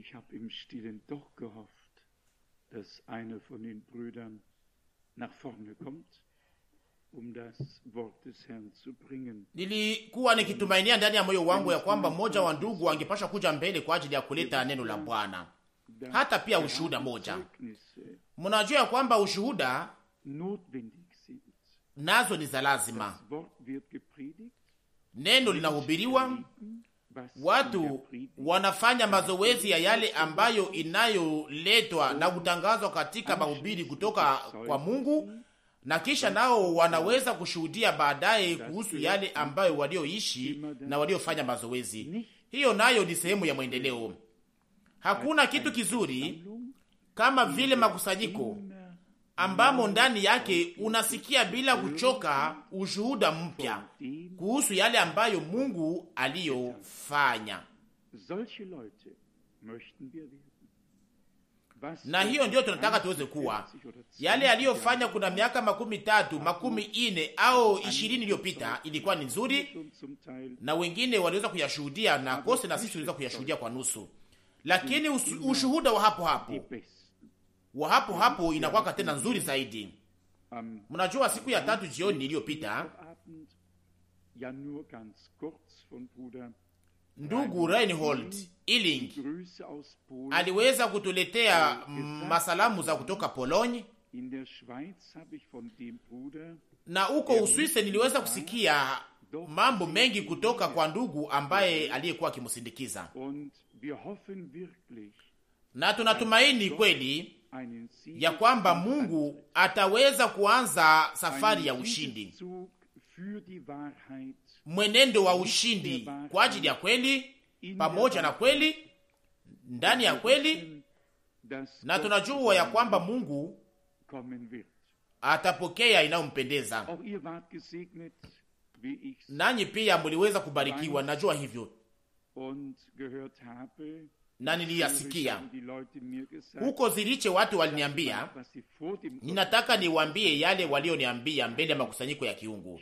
Ich habe im stillen doch gehofft, dass einer von den Brüdern nach vorne kommt, um das Wort des Herrn zu bringen. Nilikuwa nikitumainia ndani ya moyo wangu ya kwamba mmoja wa ndugu angepasha kuja mbele kwa ajili ya kuleta neno la Bwana, hata pia ushuhuda moja. Mnajua ya kwamba ushuhuda nazo ni za lazima. Neno linahubiriwa watu wanafanya mazoezi ya yale ambayo inayoletwa na kutangazwa katika mahubiri kutoka kwa Mungu, na kisha nao wanaweza kushuhudia baadaye kuhusu yale ambayo walioishi na waliofanya mazoezi. Hiyo nayo ni sehemu ya mwendeleo. Hakuna kitu kizuri kama vile makusanyiko ambamo ndani yake unasikia bila kuchoka ushuhuda mpya kuhusu yale ambayo Mungu aliyofanya. Na hiyo ndiyo tunataka tuweze kuwa yale aliyofanya kuna miaka makumi tatu, makumi ine au ishirini iliyopita ilikuwa ni nzuri, na wengine waliweza kuyashuhudia na kose, na sisi tuliweza kuyashuhudia kwa nusu, lakini ushuhuda wa hapo hapo wa hapo hapo inakuwa tena nzuri zaidi. Um, Mnajua siku ya um, tatu jioni iliyopita ndugu Reinhold Iling aliweza kutuletea äh, masalamu za kutoka pologne na uko Uswise niliweza kusikia mambo mengi kutoka kwa ndugu ambaye aliyekuwa akimsindikiza, na tunatumaini kweli ya kwamba Mungu ataweza kuanza safari ya ushindi, mwenendo wa ushindi kwa ajili ya kweli, pamoja na kweli, ndani ya kweli, na tunajua ya kwamba Mungu atapokea inayompendeza. Nanyi pia muliweza kubarikiwa, najua hivyo na niliyasikia huko Ziriche. Watu waliniambia, ninataka niwaambie yale walioniambia mbele ya makusanyiko ya kiungu.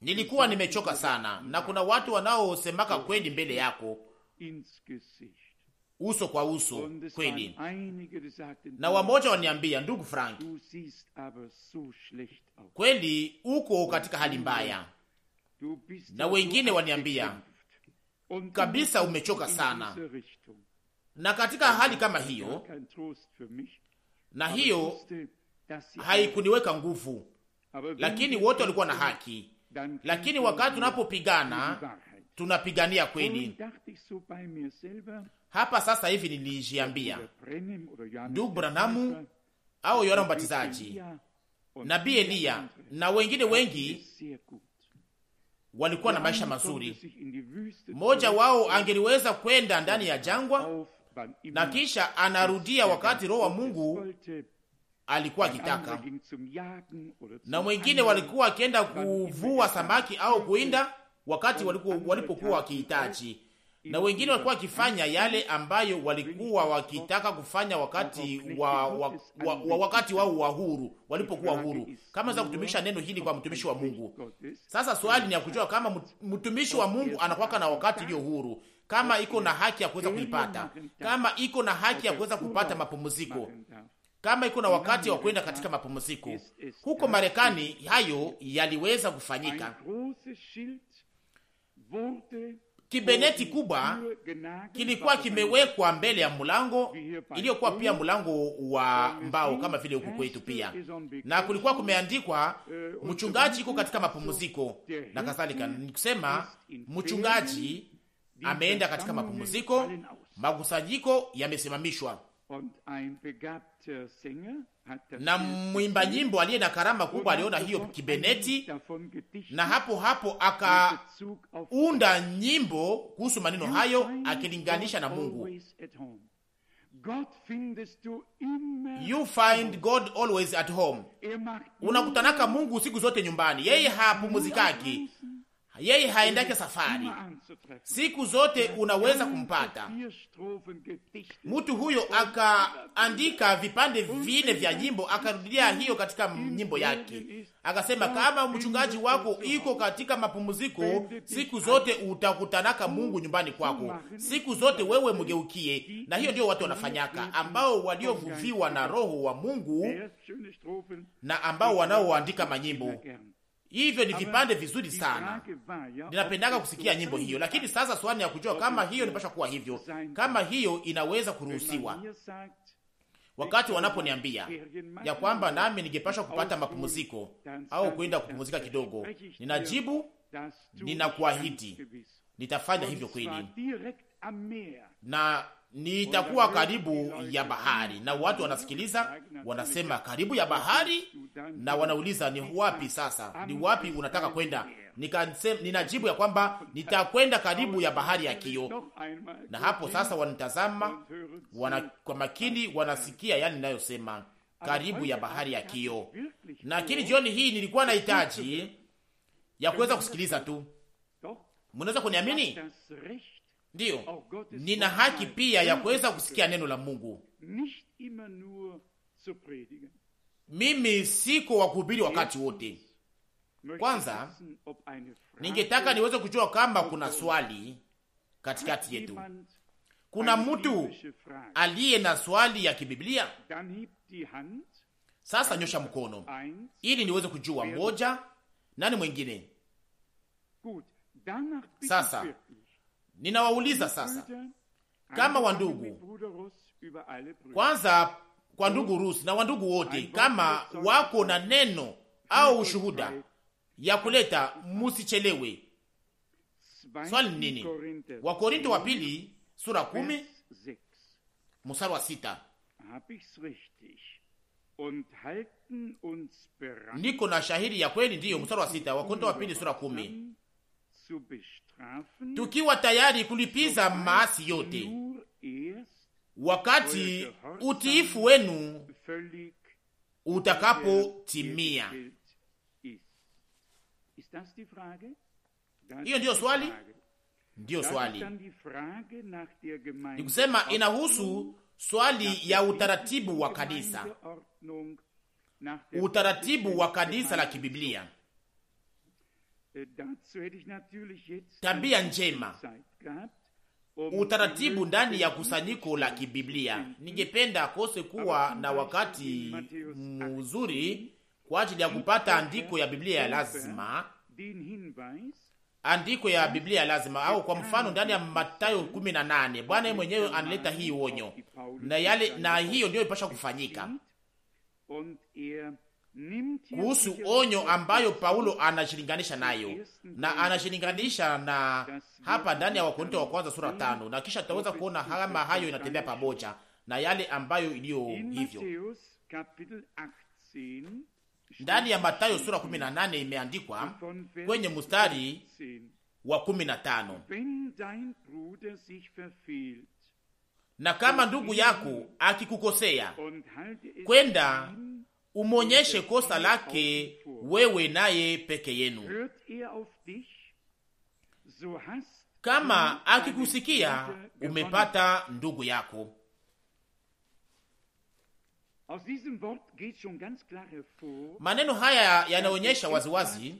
Nilikuwa nimechoka sana, na kuna watu wanaosemaka kweli mbele yako uso kwa uso kweli, na wamoja waniambia, ndugu Frank, kweli uko katika hali mbaya na wengine waniambia kabisa, umechoka sana. Na katika hali kama hiyo, na hiyo haikuniweka nguvu, lakini wote walikuwa na haki. Lakini wakati tunapopigana tunapigania kweli. Hapa sasa hivi nilijiambia, ndugu Branamu au Yohana Mbatizaji, nabii Eliya na wengine wengi walikuwa na maisha mazuri. Mmoja wao angeliweza kwenda ndani ya jangwa na kisha anarudia wakati Roho wa Mungu alikuwa akitaka, na mwengine walikuwa akienda kuvua samaki au kuinda wakati walipokuwa wakihitaji na wengine walikuwa wakifanya yale ambayo walikuwa wakitaka kufanya wakati wa, wa, wa, wa wakati wao wa huru walipokuwa huru, kama za kutumisha neno hili kwa mtumishi wa Mungu. Sasa swali ni ya kujua kama mtumishi wa Mungu anakuwa na wakati iliyo huru, kama iko na haki ya kuweza kuipata, kama iko na haki ya kuweza kupata mapumziko kama iko na wakati wa kwenda katika mapumziko. Huko Marekani hayo yaliweza kufanyika kibeneti kubwa kilikuwa kimewekwa mbele ya mlango iliyokuwa pia mlango wa mbao kama vile huku kwetu pia, na kulikuwa kumeandikwa eh, mchungaji yuko katika mapumziko na kadhalika. Nikusema mchungaji ameenda katika mapumziko, makusanyiko yamesimamishwa na mwimba nyimbo aliye na karama kubwa aliona hiyo kibeneti, na hapo hapo akaunda nyimbo kuhusu maneno hayo akilinganisha na Mungu. You find God always at home. Er Unakutanaka Mungu siku zote nyumbani, yeye hapumuzikaki yeye haendake safari, siku zote unaweza kumpata mtu huyo. Akaandika vipande vine vya nyimbo, akarudia hiyo katika nyimbo yake, akasema kama mchungaji wako iko katika mapumziko, siku zote utakutanaka Mungu nyumbani kwako, siku zote wewe mgeukie. Na hiyo ndio watu wanafanyaka, ambao waliovuviwa na Roho wa Mungu na ambao wanaoandika manyimbo Hivyo ni vipande vizuri sana, ninapendaga kusikia nyimbo hiyo. Lakini sasa swali ya kujua kama hiyo inapasha kuwa hivyo, kama hiyo inaweza kuruhusiwa, wakati wanaponiambia ya kwamba nami ningepashwa kupata mapumziko au kwenda kupumzika kidogo, ninajibu ninakuahidi, nitafanya hivyo kweli na nitakuwa karibu ya bahari. Na watu wanasikiliza, wanasema karibu ya bahari, na wanauliza ni wapi sasa, ni wapi unataka kwenda? Nikasema, ninajibu ya kwamba nitakwenda karibu ya bahari ya kio. Na hapo sasa wanitazama wana, kwa makini wanasikia yani ninayosema karibu ya bahari ya kio. Lakini jioni hii nilikuwa na hitaji ya kuweza kusikiliza tu. Mnaweza kuniamini? ndiyo oh, nina haki pia ya kuweza kusikia neno la Mungu. Mimi siko wa kuhubiri wakati wote. Kwanza ningetaka niweze kujua kama kuna swali katikati yetu. Kuna mtu aliye na swali ya kibiblia? Sasa nyosha mkono ili niweze kujua. Moja, nani mwingine? Sasa Ninawauliza sasa kama wandugu, kwanza kwa ndugu Rus na wandugu wote, kama wako na neno au ushuhuda ya kuleta, musichelewe. Swali nini? Wakorinto wa pili sura kumi mstari wa sita. Niko na shahiri ya kweli, ndiyo, mstari wa sita, Wakorinto wa pili sura kumi tukiwa tayari kulipiza maasi yote, wakati utiifu wenu utakapotimia. Hiyo ndiyo swali, ndiyo swali kusema inahusu swali ya utaratibu wa kanisa, utaratibu wa kanisa la kibiblia Äh, tabia njema, um utaratibu ndani ya kusanyiko la kibiblia. Mhm. Ningependa kose kuwa na wakati mzuri kwa ajili ya kupata andiko ya Biblia ya lazima, andiko ya Biblia ya lazima, au kwa mfano ndani ya Mathayo 18 Bwana yeye mwenyewe analeta hii onyo na yale, na hiyo ndiyo ipasha kufanyika kuhusu onyo ambayo Paulo anashilinganisha nayo na anashilinganisha na hapa ndani ya Wakorinto wa kwanza sura tano, na kisha tutaweza kuona hama hayo inatembea pamoja na yale ambayo iliyo hivyo ndani ya Mathayo sura 18 imeandikwa kwenye mstari wa 15, na kama ndugu yako akikukosea kwenda umwonyeshe kosa lake wewe naye peke yenu. Kama akikusikia umepata ndugu yako. Maneno haya yanaonyesha waziwazi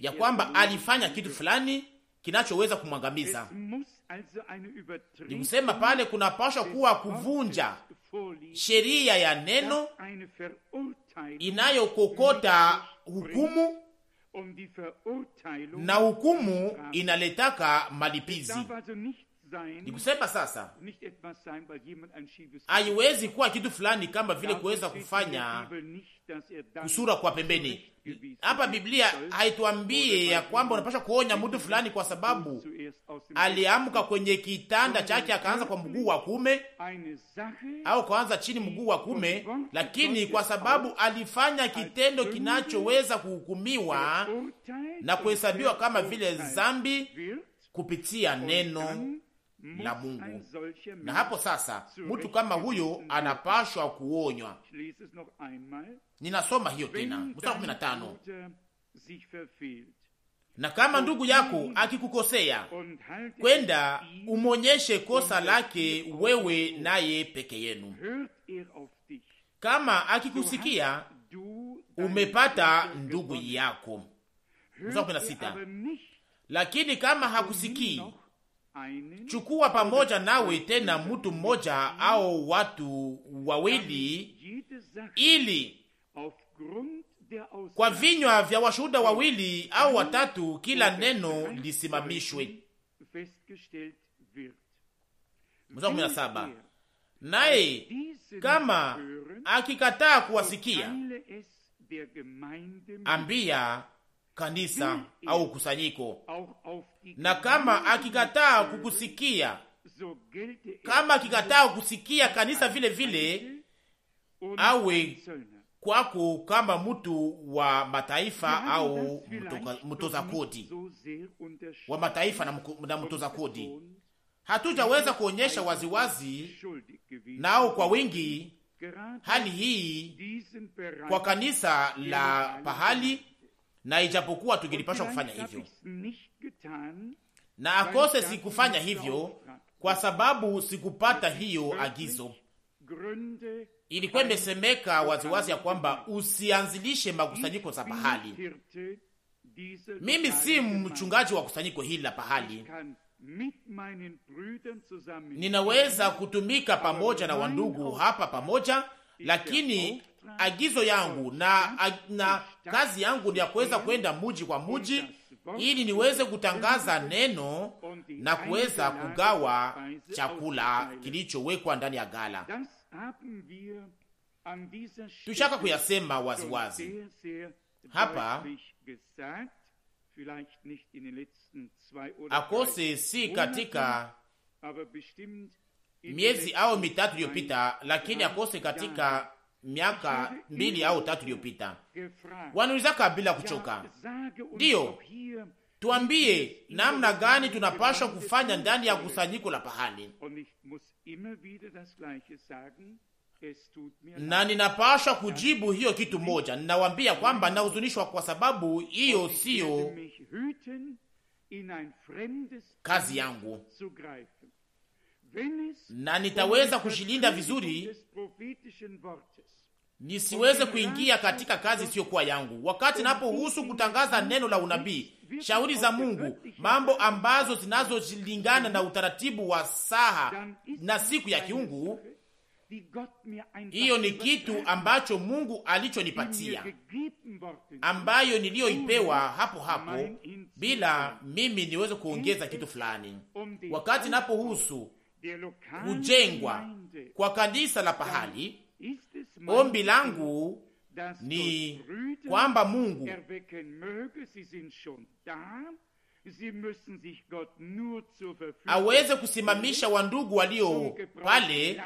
ya er kwamba alifanya kitu fulani kinachoweza kumwangamiza. Ni kusema pale kunapashwa kuwa kuvunja sheria ya neno inayokokota hukumu um na hukumu inaletaka malipizi ni kusema sasa haiwezi kuwa kitu fulani kama vile kuweza kufanya er usura kwa pembeni. Hapa Biblia haituambie ya kwamba unapasha kuonya mtu fulani kwa sababu aliamka kwenye kitanda chake akaanza kwa mguu wa kume au kaanza chini mguu wa kume, lakini kwa sababu alifanya kitendo kinachoweza kuhukumiwa na kuhesabiwa kama vile zambi kupitia neno na Mungu. Na hapo sasa mtu kama huyo anapashwa kuonywa. Ninasoma hiyo tena mstari kumi na tano na kama ndugu yako akikukosea, kwenda umonyeshe kosa lake wewe naye peke yenu. Kama akikusikia, umepata ndugu yako. Lakini kama hakusikii chukua pamoja nawe tena mtu mmoja au watu wawili, ili kwa vinywa vya washuhuda wawili au watatu kila neno lisimamishwe. Er Naye kama akikataa kuwasikia, ambia kanisa hmm, au kusanyiko, na kama akikataa kukusikia, e, kama akikataa kusikia kanisa vile vile, awe kwako kama mtu wa mataifa au mtoza kodi wa mataifa na, na mtoza kodi. Hatujaweza kuonyesha waziwazi nao kwa wingi hali hii kwa kanisa la pahali na ijapokuwa tungelipashwa kufanya hivyo, na akose sikufanya hivyo kwa sababu sikupata hiyo agizo. Ilikuwa imesemeka waziwazi ya kwamba usianzilishe makusanyiko za pahali. Mimi si mchungaji wa kusanyiko hili la pahali, ninaweza kutumika pamoja na wandugu hapa pamoja, lakini agizo yangu na, na kazi yangu ni ya kuweza kwenda muji kwa muji ili niweze kutangaza neno na kuweza kugawa chakula kilichowekwa ndani ya gala. Tushaka kuyasema waziwazi hapa akose si katika miezi au mitatu iliyopita, lakini akose katika miaka mbili au tatu iliyopita, wanaulizaka bila kuchoka, ndiyo tuambie namna gani tunapashwa kufanya ndani ya kusanyiko la pahali, na ninapashwa kujibu hiyo kitu moja. Ninawambia kwamba ninahuzunishwa kwa sababu hiyo siyo kazi yangu na nitaweza kushilinda vizuri nisiweze kuingia katika kazi isiyokuwa yangu. Wakati napohusu kutangaza neno la unabii, shauri za Mungu, mambo ambazo zinazolingana na utaratibu wa saha na siku ya kiungu, hiyo ni kitu ambacho Mungu alichonipatia, ambayo niliyoipewa hapo hapo, bila mimi niweze kuongeza kitu fulani. Wakati napohusu kujengwa kwa kanisa la pahali. Ombi langu ni kwamba Mungu aweze kusimamisha wandugu walio pale,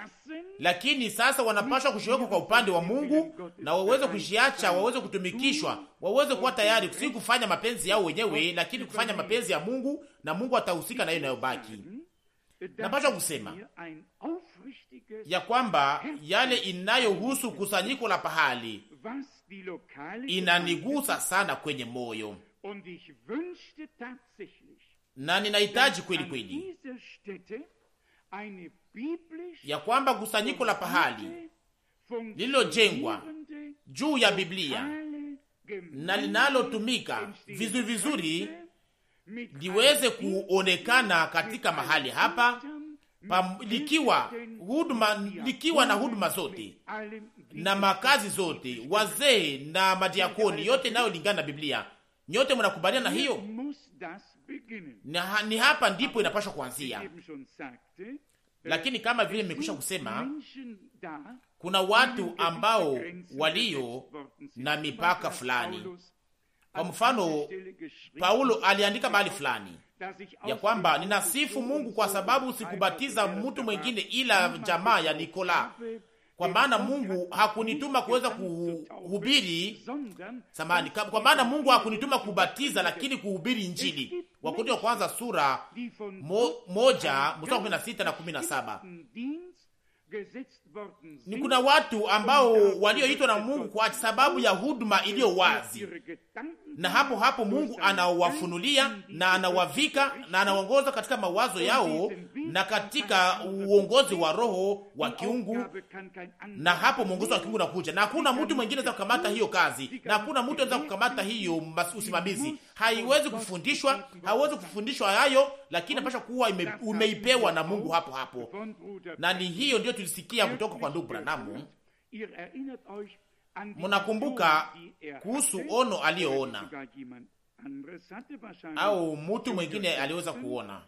lakini sasa wanapashwa kushiwekwa kwa upande wa Mungu na waweze kujiacha, waweze kutumikishwa, waweze kuwa tayari, si kufanya mapenzi yao wenyewe, lakini kufanya mapenzi ya Mungu, na Mungu atahusika na hiyo inayobaki. Napasha kusema ya kwamba yale inayohusu kusanyiko la pahali inanigusa sana kwenye moyo na ninahitaji kweli kweli ya kwamba kusanyiko la pahali lililojengwa juu ya Biblia na linalotumika vizuri vizuri liweze kuonekana katika mahali hapa pa, likiwa huduma likiwa na huduma zote na makazi zote, wazee na madiakoni, yote inayolingana na Biblia. Nyote mnakubaliana na hiyo? Na ni hapa ndipo inapaswa kuanzia. Lakini kama vile nimekwisha kusema, kuna watu ambao walio na mipaka fulani kwa mfano, Paulo aliandika mahali fulani ya kwamba ninasifu Mungu kwa sababu sikubatiza mtu mwengine ila jamaa ya Nikola, kwa maana Mungu hakunituma kuweza kuhubiri samani, kwa maana Mungu hakunituma kubatiza, lakini kuhubiri Injili. Wakorintho wa kwanza sura mo, moja mstari kumi na sita na kumi na saba. Ni kuna watu ambao walioitwa na Mungu kwa sababu ya huduma iliyo wazi na hapo hapo Mungu anawafunulia na anawavika na anaongoza katika mawazo yao na katika uongozi wa roho wa kiungu, na hapo mwongozo wa kiungu nakuja, na hakuna mtu mwingine anaweza kukamata hiyo kazi, na hakuna mtu anaweza kukamata hiyo usimamizi. Haiwezi kufundishwa, haiwezi kufundishwa hayo, lakini napasha kuwa ime, umeipewa na Mungu hapo hapo, na ni hiyo ndio tulisikia kutoka kwa ndugu Branamu munakumbuka kuhusu ono aliyoona au mtu mwengine aliweza kuona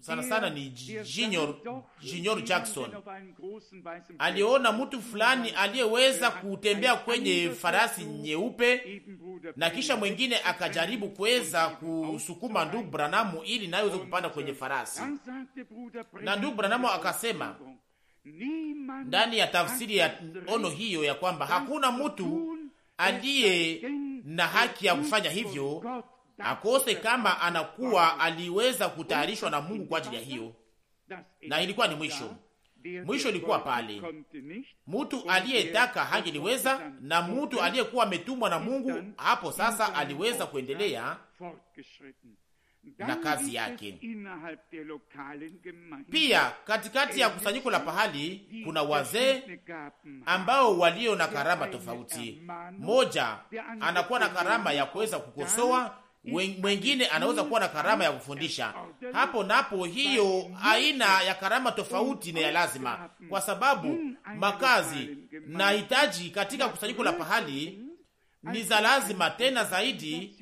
sana sana ni Junior, Junior Jackson aliona mtu fulani er aliyeweza kutembea kwenye farasi nyeupe, na kisha mwengine akajaribu kuweza er kusukuma ndugu Branamu ili naye kupanda kwenye äh, farasi, na ndugu Branamu akasema ndani ya tafsiri ya ono hiyo ya kwamba hakuna mtu aliye na haki ya kufanya hivyo akose kama anakuwa aliweza kutayarishwa na Mungu kwa ajili ya hiyo. Na ilikuwa ni mwisho, mwisho ilikuwa pale, mtu aliyetaka hangeliweza, na mtu aliyekuwa ametumwa na Mungu hapo sasa aliweza kuendelea na kazi yake. Pia katikati ya kusanyiko la pahali kuna wazee ambao walio na karama tofauti. Moja anakuwa na karama ya kuweza kukosoa, mwengine anaweza kuwa na karama ya kufundisha. Hapo napo, hiyo aina ya karama tofauti ni ya lazima, kwa sababu hmm, makazi na hitaji katika kusanyiko la pahali ni za lazima tena zaidi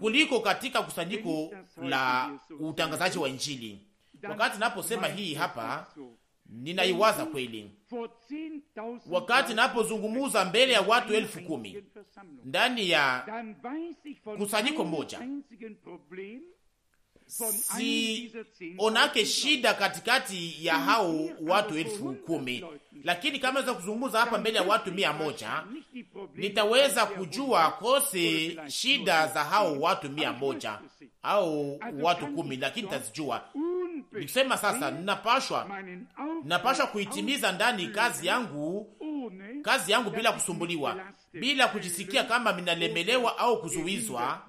kuliko katika kusanyiko la utangazaji wa Injili. Wakati naposema hii hapa, ninaiwaza kweli, wakati napozungumuza mbele ya watu elfu kumi ndani ya kusanyiko moja sionake shida katikati ya hao watu elfu kumi, lakini kama weza kuzungumza hapa mbele ya watu mia moja nitaweza kujua kose shida za hao watu mia moja au watu kumi, lakini tazijua nikusema sasa, ninapashwa ninapashwa kuitimiza ndani kazi yangu kazi yangu bila kusumbuliwa, bila kujisikia kama minalemelewa au kuzuizwa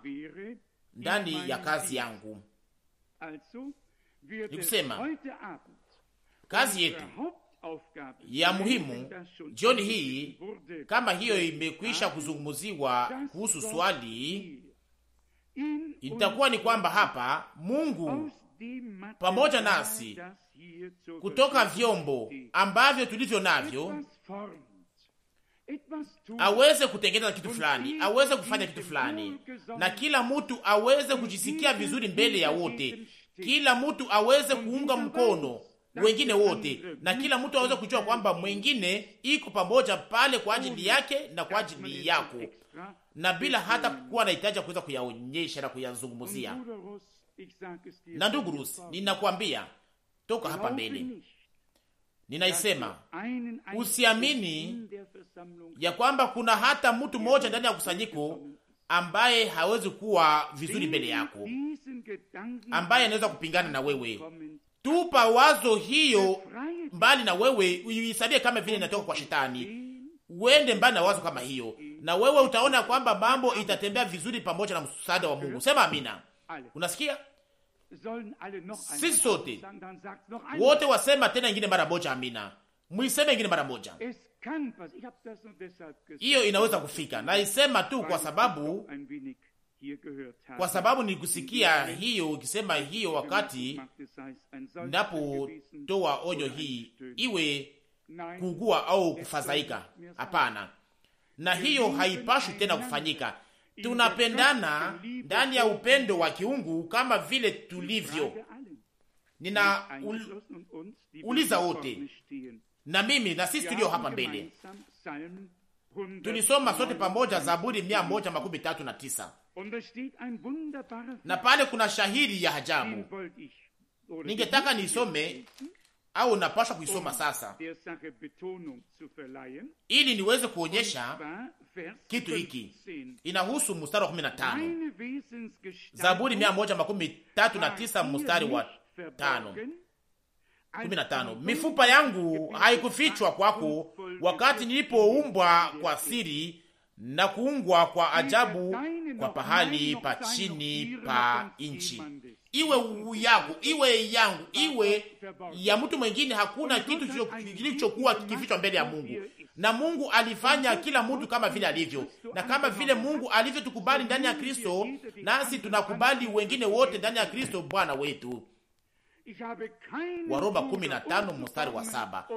ndani ya kazi yangu ni kusema kazi yetu ya muhimu jioni hii, kama hiyo imekwisha kuzungumuziwa kuhusu swali, itakuwa ni kwamba hapa Mungu pamoja nasi kutoka vyombo ambavyo tulivyo navyo aweze kutengeneza kitu fulani, aweze kufanya kitu fulani, na kila mtu aweze kujisikia vizuri mbele ya wote, kila mtu aweze kuunga mkono wengine wote, na kila mtu aweze kujua kwamba mwingine iko pamoja pale kwa ajili yake na kwa ajili yako, na bila hata kuwa na hitaji ya kuweza kuyaonyesha na kuyazungumzia. Na ndugu Rusi, ninakwambia toka hapa mbele Ninaisema, usiamini ya kwamba kuna hata mtu mmoja ndani ya kusanyiko ambaye hawezi kuwa vizuri mbele yako, ambaye anaweza kupingana na wewe. Tupa wazo hiyo mbali na wewe, uisabie kama vile inatoka kwa shetani. Uende mbali na wazo kama hiyo, na wewe utaona kwamba mambo itatembea vizuri pamoja na msaada wa Mungu. Sema amina. Unasikia? sisi sote wote wasema tena ingine mara moja. Amina, mwiseme ingine mara moja. Hiyo inaweza kufika, naisema tu kwa sababu kwa sababu nilikusikia hiyo ukisema hiyo wakati napotoa onyo hii, iwe kuugua au kufadhaika. Hapana, na hiyo haipashwi tena kufanyika tunapendana ndani ya upendo wa kiungu kama vile tulivyo. Ninauliza wote na mimi na sisi tulio hapa mbele tulisoma sote pamoja Zaburi mia moja makumi tatu na tisa na pale kuna shahiri ya hajabu. ningetaka niisome au napasha kuisoma sasa, ili niweze kuonyesha kitu hiki. Inahusu mstari wa 15 Zaburi 139 mstari wa 5 15. Mifupa yangu haikufichwa kwako wakati nilipoumbwa kwa siri na kuungwa kwa ajabu kwa pahali pa chini pa nchi iwe yangu iwe yangu iwe ya mtu mwingine, hakuna kitu kilichokuwa kifichwa mbele ya Mungu. Na Mungu alifanya kila mtu kama vile alivyo, na kama vile Mungu alivyotukubali ndani ya Kristo, nasi tunakubali wengine wote ndani ya Kristo Bwana wetu. Waroma 15 mstari wa saba.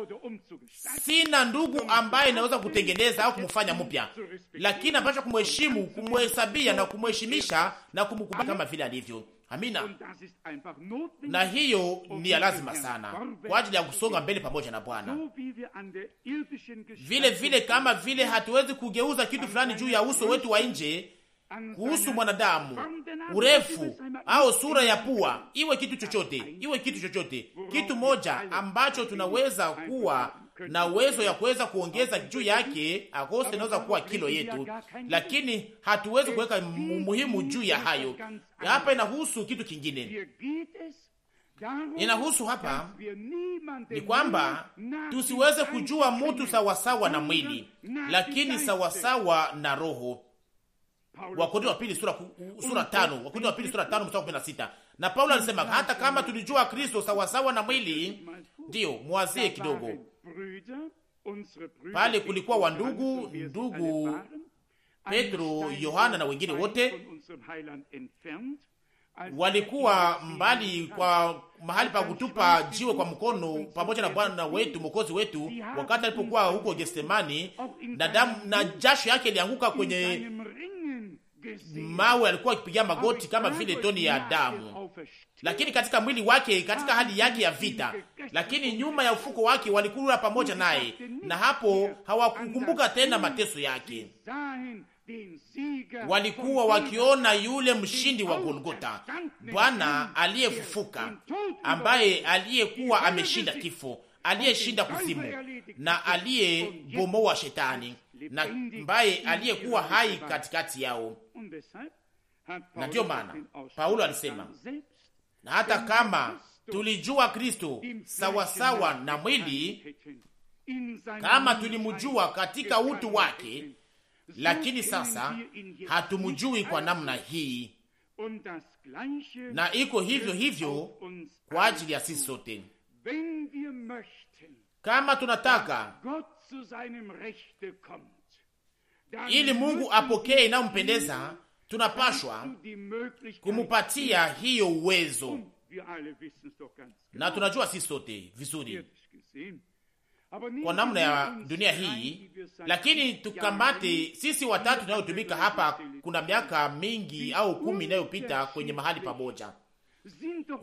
Sina ndugu ambaye naweza kutengeneza au kumfanya mpya, lakini ambacho kumheshimu, kumhesabia na kumheshimisha na kumkubali kama vile alivyo. Amina. Na hiyo um ni ya lazima sana kwa ajili ya kusonga mbele pamoja na Bwana. Vile vile kama vile hatuwezi kugeuza kitu fulani juu ya uso wetu wa nje kuhusu mwanadamu, urefu au sura ya pua, iwe kitu chochote, iwe kitu chochote, kitu moja ambacho tunaweza kuwa na uwezo ya kuweza kuongeza juu yake akose inaweza kuwa kilo yetu, lakini hatuwezi kuweka umuhimu juu ya hayo. Hapa inahusu kitu kingine, inahusu hapa ni kwamba tusiweze kujua mutu sawasawa na mwili, lakini sawasawa na roho. Wakorintho wa pili sura, sura tano Wakorintho wa pili sura tano mstari kumi na sita na Paulo alisema hata kama tulijua Kristo sawasawa na mwili, ndiyo mwazie kidogo pale kulikuwa wa ndugu ndugu Petro, Yohana na wengine wote walikuwa mbali kwa mahali pa kutupa jiwe kwa mkono pamoja na Bwana wetu mokozi wetu, wakati alipokuwa huko Getsemani, na damu na jasho yake ilianguka kwenye mawe, alikuwa akipigia magoti kama vile toni ya damu lakini katika mwili wake, katika hali yake ya vita, lakini nyuma ya ufuko wake walikula pamoja naye, na hapo hawakukumbuka tena mateso yake. Walikuwa wakiona yule mshindi wa Golgota, Bwana aliyefufuka, ambaye aliyekuwa ameshinda kifo, aliyeshinda kuzimu na aliyebomoa shetani, na ambaye aliyekuwa hai katikati yao. Na ndiyo maana Paulo alisema na hata kama tulijua Kristo sawasawa na mwili, kama tulimjua katika utu wake, lakini sasa hatumjui kwa namna hii, na iko hivyo hivyo kwa ajili ya sisi sote. Kama tunataka ili Mungu apokee inayompendeza tunapashwa kumupatia hiyo uwezo, um, na tunajua sisi sote vizuri kwa namna ya dunia hii, lakini tukamate sisi watatu tunayotumika hapa kuna miaka mingi au kumi inayopita kwenye mahali pamoja,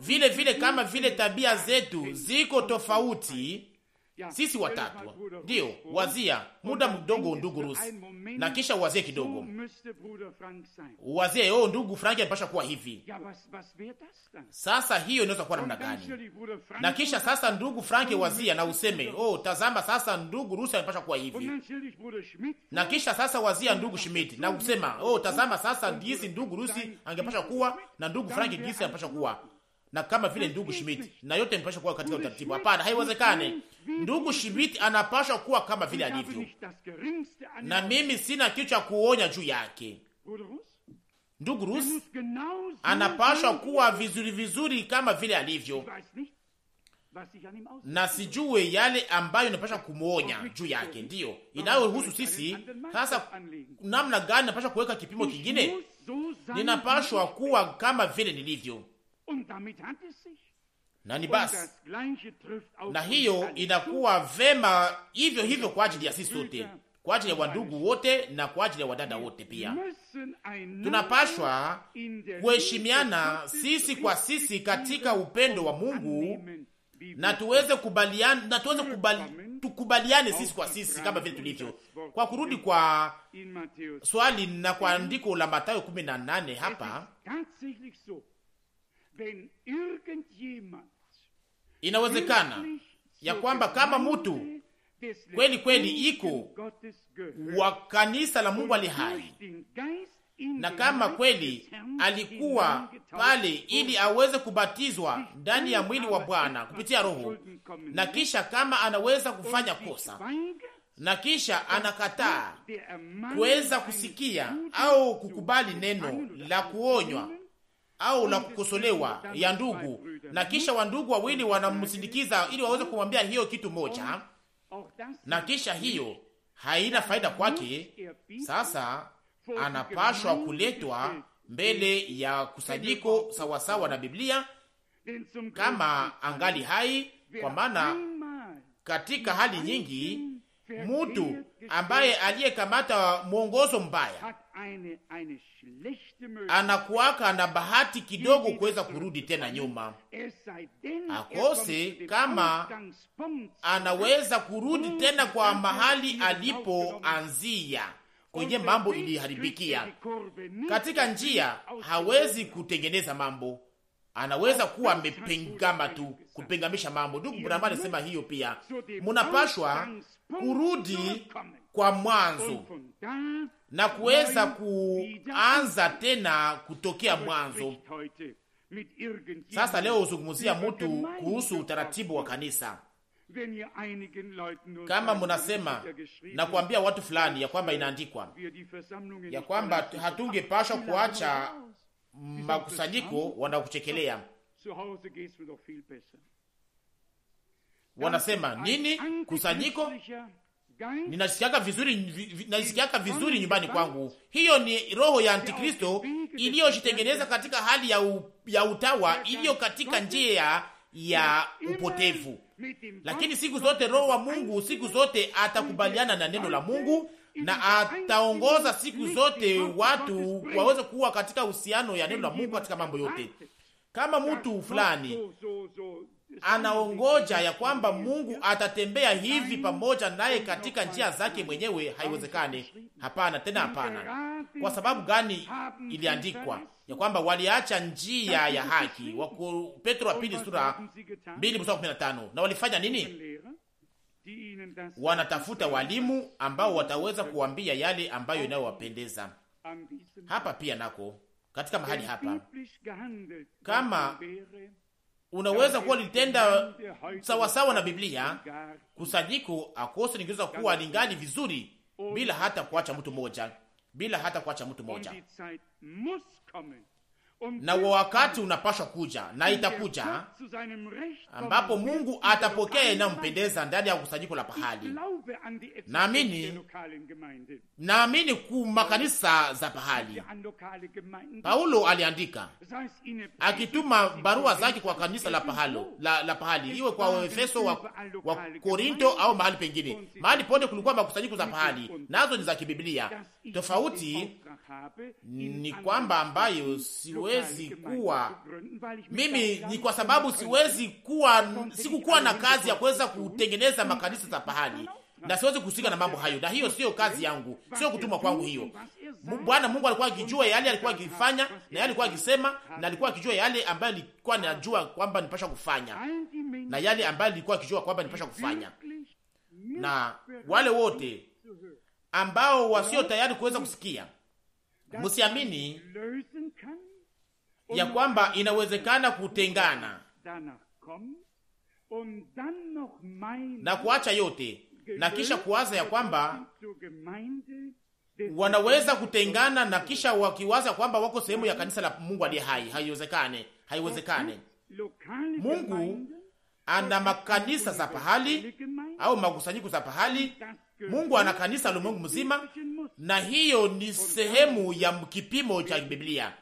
vile vile kama vile tabia zetu ziko tofauti sisi watatu ndiyo wazia muda mdogo, ndugu Rusi, na kisha uwazie kidogo, wazie oh, ndugu Franki alipasha kuwa hivi. Sasa hiyo inaweza kuwa namna gani? Na kisha sasa, ndugu Franki, wazia na useme oh, tazama sasa, ndugu Rusi alipasha kuwa hivi. Na kisha sasa, wazia ndugu Schmidt na usema oh, tazama sasa, jinsi ndugu Rusi angepasha kuwa na ndugu Franki jinsi anapasha kuwa na kama vile ndugu Schmidt, na yote mpasha kuwa katika utaratibu. Hapana, haiwezekane. Ndugu Schmidt anapasha kuwa kama vile alivyo, na mimi sina kitu cha kuonya juu yake. Ndugu Rus anapasha kuwa vizuri vizuri kama vile alivyo, na sijue yale ambayo inapasha kumwonya juu yake, ndiyo inayohusu sisi Sasa Namna gani napasha kuweka kipimo kingine? Ninapashwa kuwa kama vile nilivyo na ni basi, na hiyo inakuwa vema hivyo hivyo kwa ajili ya sisi sote, kwa ajili ya wandugu wote na kwa ajili ya wadada wote pia. Tunapashwa kuheshimiana sisi kwa sisi katika upendo wa Mungu na tuweze kubaliana, na tuweze kubali tukubaliane sisi kwa sisi kama vile tulivyo. Kwa kurudi kwa swali na kwa andiko la Mathayo 18 hapa Inawezekana ya kwamba kama mtu kweli kweli iko wa kanisa la Mungu ali hai na kama kweli alikuwa pale ili aweze kubatizwa ndani ya mwili wa Bwana kupitia Roho, na kisha kama anaweza kufanya kosa na kisha anakataa kuweza kusikia au kukubali neno la kuonywa au na kukosolewa ya ndugu, na kisha wandugu wawili wanamsindikiza ili waweze kumwambia hiyo kitu moja, oh, oh, na kisha hiyo haina faida kwake. Sasa anapashwa kuletwa mbele ya kusajiko sawasawa na Biblia kama angali hai, kwa maana katika hali nyingi mtu ambaye aliyekamata mwongozo mbaya anakuwaka na bahati kidogo kuweza kurudi tena nyuma, er akose kama anaweza kurudi tena kwa mahali alipoanzia kwenye mambo iliharibikia. Katika njia hawezi kutengeneza mambo, anaweza kuwa amepengama tu, kupengamisha mambo. Ndugu Brahma alisema hiyo pia, munapashwa kurudi kwa mwanzo na kuweza kuanza tena kutokea mwanzo. Sasa leo uzungumzia mtu kuhusu utaratibu wa kanisa, kama munasema na kuambia watu fulani ya kwamba inaandikwa ya kwamba hatungepashwa kuacha makusanyiko, wanakuchekelea wanasema nini kusanyiko ninasikiaka vizuri, vizuri nyumbani kwangu. Hiyo ni roho ya Antikristo iliyojitengeneza katika hali ya, u, ya utawa iliyo katika njia ya upotevu, lakini siku zote roho wa Mungu siku zote atakubaliana na neno la Mungu na ataongoza siku zote watu waweze kuwa katika uhusiano ya neno la Mungu katika mambo yote. Kama mtu fulani anaongoja ya kwamba Mungu atatembea hivi pamoja naye katika njia zake mwenyewe. Haiwezekani, hapana, tena hapana. Kwa sababu gani? Iliandikwa ya kwamba waliacha njia ya haki, wa Petro wa pili sura 2 mstari 15. Na walifanya nini? Wanatafuta walimu ambao wataweza kuambia yale ambayo inayowapendeza. Hapa pia nako katika mahali hapa kama unaweza kuwa litenda sawasawa na Biblia. kusajiku akose ningeweza kuwa lingali vizuri bila hata kuacha mtu mmoja, bila hata kuacha mtu mmoja. Na wakati unapashwa kuja na itakuja, ambapo Mungu atapokea inayompendeza ndani ya kusanyiko la pahali. Naamini naamini ku makanisa za pahali. Paulo aliandika akituma barua zake kwa kanisa la pahalo, la, la pahali, iwe kwa Efeso wa, wa Korinto au mahali pengine. Mahali pote kulikuwa makusanyiko za pahali, nazo ni za kibiblia. Tofauti ni kwamba ambayo siwezi kuwa mimi, ni kwa sababu siwezi kuwa sikukuwa na kazi ya kuweza kutengeneza makanisa za pahali na siwezi kuhusika na mambo hayo, na hiyo sio kazi yangu, sio kutumwa kwangu hiyo. Bwana Mungu alikuwa akijua yale alikuwa akifanya na yale alikuwa akisema, na alikuwa akijua yale ambayo alikuwa anajua kwamba nipasha kufanya na yale ambayo alikuwa akijua kwamba nipasha kufanya, na wale wote ambao wasio tayari kuweza kusikia, msiamini ya kwamba inawezekana kutengana na kuacha yote na kisha kuwaza ya kwamba wanaweza kutengana na kisha wakiwaza kwamba wako sehemu ya kanisa la Mungu aliye hai. Haiwezekane, haiwezekane. Mungu ana makanisa za pahali au makusanyiko za pahali. Mungu ana kanisa la Mungu mzima, na hiyo ni sehemu ya kipimo cha Biblia,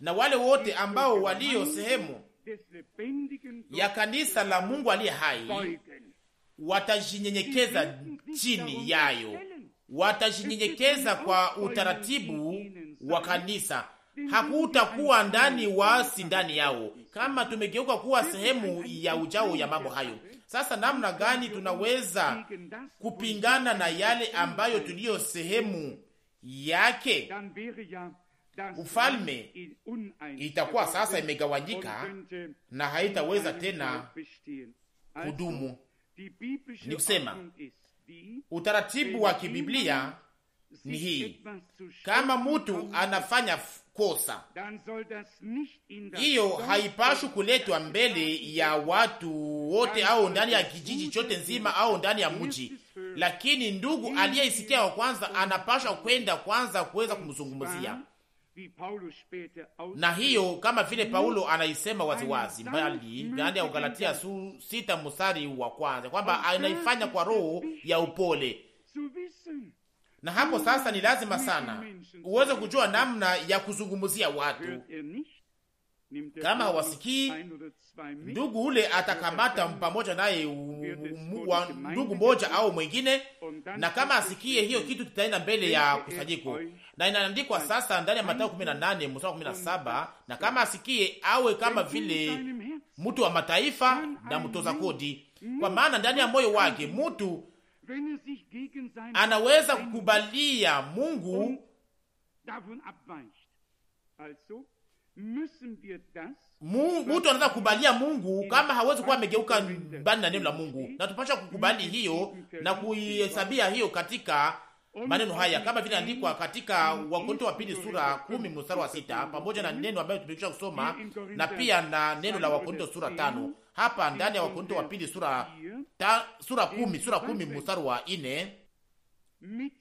na wale wote ambao walio sehemu ya kanisa la Mungu aliye hai watajinyenyekeza chini yayo, watajinyenyekeza kwa utaratibu wa kanisa. Hakutakuwa ndani wasi ndani yao, kama tumegeuka kuwa sehemu ya ujao ya mambo hayo. Sasa namna gani tunaweza kupingana na yale ambayo tuliyo sehemu yake? Ufalme itakuwa sasa imegawanyika na haitaweza tena kudumu ni kusema utaratibu wa kibiblia ni hii: kama mtu anafanya kosa, hiyo haipashwi kuletwa mbele ya watu wote, au ndani ya kijiji chote nzima, au ndani ya mji, lakini ndugu aliyeisikia wa kwanza anapashwa kwenda kwanza kuweza kumzungumzia na hiyo kama vile Paulo anaisema waziwazi mbali ndani ya Ugalatia su sita mstari wa kwanza kwamba anaifanya kwa roho ya upole. Na hapo sasa ni lazima sana uweze kujua namna ya kuzungumzia watu. Kama hawasikii ndugu ule er atakamata pamoja naye ndugu mmoja au mwingine, na kama asikie hiyo er kitu, tutaenda mbele ya er kusajiko na inaandikwa sasa ndani ya Mathayo 18 mstari 17, na kama asikie awe kama vile mtu wa mataifa na mtoza kodi, kwa maana ndani ya moyo wake oh, mtu anaweza kukubalia Mungu mtu anaweza kukubalia Mungu kama hawezi kuwa amegeuka mbali na neno la Mungu, na tupasha kukubali hiyo na kuihesabia hiyo katika maneno haya kama vile andikwa katika Wakorintho wa pili sura kumi mstari wa sita pamoja na neno ambayo tumekwisha kusoma na pia na neno la wakorinto sura tano hapa ndani ya Wakorintho wa pili sura ta, sura kumi sura kumi mstari wa ine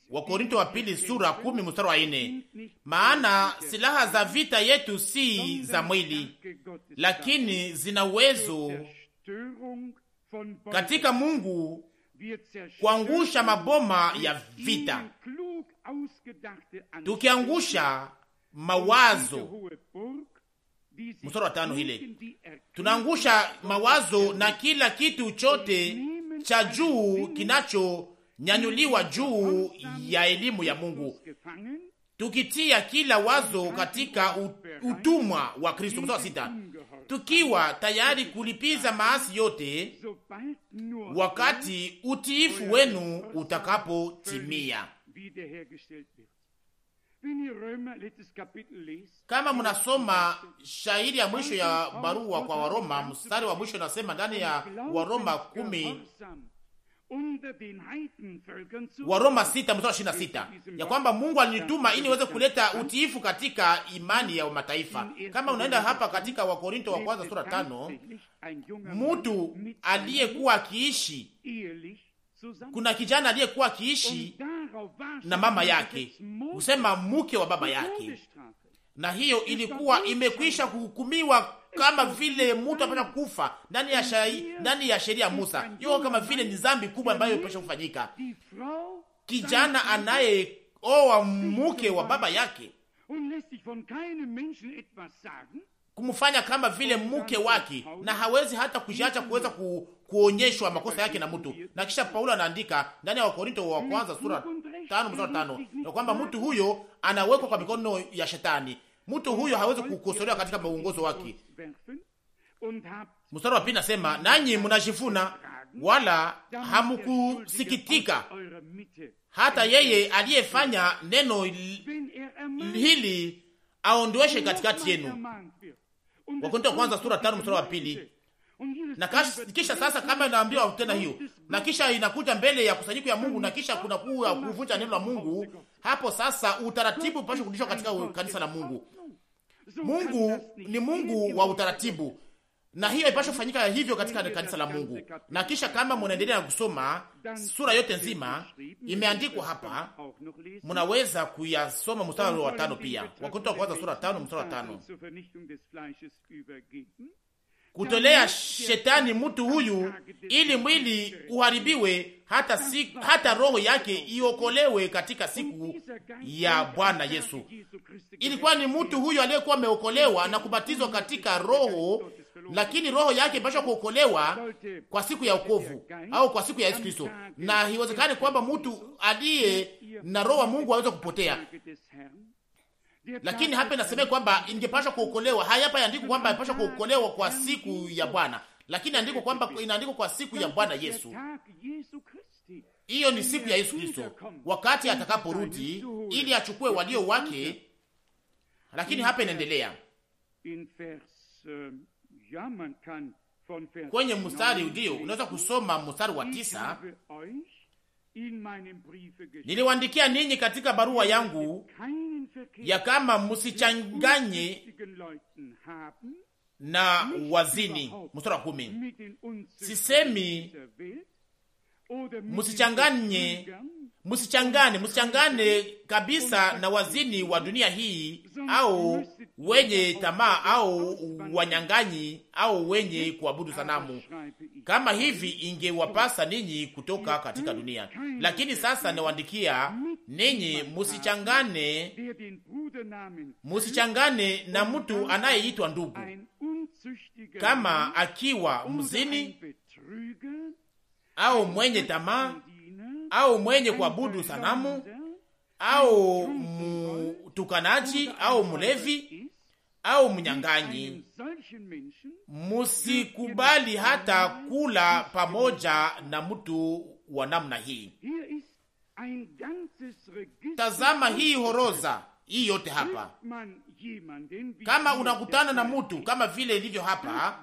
Wakorinto wa pili sura kumi mstari wa ine maana silaha za vita yetu si za mwili, lakini zina uwezo katika Mungu kuangusha maboma ya vita, tukiangusha mawazo. Mstari wa tano hile, tunaangusha mawazo na kila kitu chote cha juu kinachonyanyuliwa juu ya elimu ya Mungu, tukitia kila wazo katika utumwa wa Kristo. Mstari wa sita tukiwa tayari kulipiza maasi yote wakati utiifu wenu utakapotimia. Kama mnasoma shahiri ya mwisho ya barua kwa Waroma, mstari wa mwisho nasema ndani ya Waroma kumi Waroma 6:26 ya kwamba Mungu alinituma ili niweze kuleta utiifu katika imani ya mataifa. Kama unaenda hapa katika Wakorinto wa kwanza sura tano, mtu aliyekuwa akiishi kuna kijana aliyekuwa akiishi na mama yake, husema mke wa baba yake, na hiyo ilikuwa imekwisha kuhukumiwa kama vile mtu apasha kufa ndani ya shai, ndani ya sheria ya Musa. Hiyo kama vile ni dhambi kubwa ambayo ipasha kufanyika. Kijana anayeoa mke wa baba yake kumfanya kama vile mke wake, na hawezi hata kujiacha kuweza ku, kuonyeshwa makosa yake na mtu. Na kisha Paulo anaandika ndani ya Wakorinto wa kwanza sura tano mstari tano kwamba mtu huyo anawekwa kwa mikono ya shetani mtu huyo hawezi kukosolewa katika uongozo wake. Mstari wa pili nasema, nanyi mnashifuna wala hamukusikitika hata yeye aliyefanya neno hili aondoeshe katikati yenu. Wakorintho wa kwanza sura tano mstari wa pili. Na kisha sasa, kama inaambiwa tena hiyo, na kisha inakuja mbele ya kusanyiko ya Mungu, na kisha kuna kuwa kuvunja neno la Mungu. Hapo sasa utaratibu pasha kurudishwa katika kanisa la Mungu, Mungu ni Mungu wa utaratibu, na hiyo ipasha kufanyika hivyo katika kanisa la Mungu. Na kisha kama munaendelea na kusoma sura yote nzima imeandikwa hapa, mnaweza kuyasoma mstari wa tano pia, Wakorintho wa kwanza sura tano mstari wa tano kutolea shetani mtu huyu, ili mwili uharibiwe, hata, si, hata roho yake iokolewe katika siku ya Bwana Yesu. Ilikuwa ni mtu huyu aliyekuwa ameokolewa na kubatizwa katika roho, lakini roho yake imepashwa kuokolewa kwa siku ya ukovu au kwa siku ya Yesu Kristo, na iwezekani kwamba mtu aliye na roho wa Mungu aweze kupotea lakini hapa inasemea kwamba ingepasha kuokolewa. Haya, hapa yaandiko kwamba yapasha kuokolewa kwa siku ya Bwana, lakini andiko kwamba inaandikwa kwa siku ya Bwana Yesu. Hiyo ni siku ya Yesu Kristo, wakati atakaporudi ili achukue walio wake. Lakini hapa inaendelea um, kwenye mstari ndio unaweza kusoma mstari wa tisa. Niliwaandikia ninyi katika barua yangu ya kama musichanganye na wazini. Mstari wa kumi, sisemi musichanganye musichangane musichangane kabisa na wazini wa dunia hii, au wenye tamaa, au wanyang'anyi, au wenye kuabudu sanamu. Kama hivi ingewapasa ninyi kutoka katika dunia, lakini sasa nawaandikia ninyi musichangane musichangane na mtu anayeitwa ndugu, kama akiwa um mzini au mwenye tamaa au mwenye kuabudu sanamu au mtukanaji au mlevi au mnyang'anyi. Musikubali hata kula pamoja na mtu wa namna hii. Tazama hii horoza hii yote hapa. Kama unakutana na mtu kama vile ilivyo hapa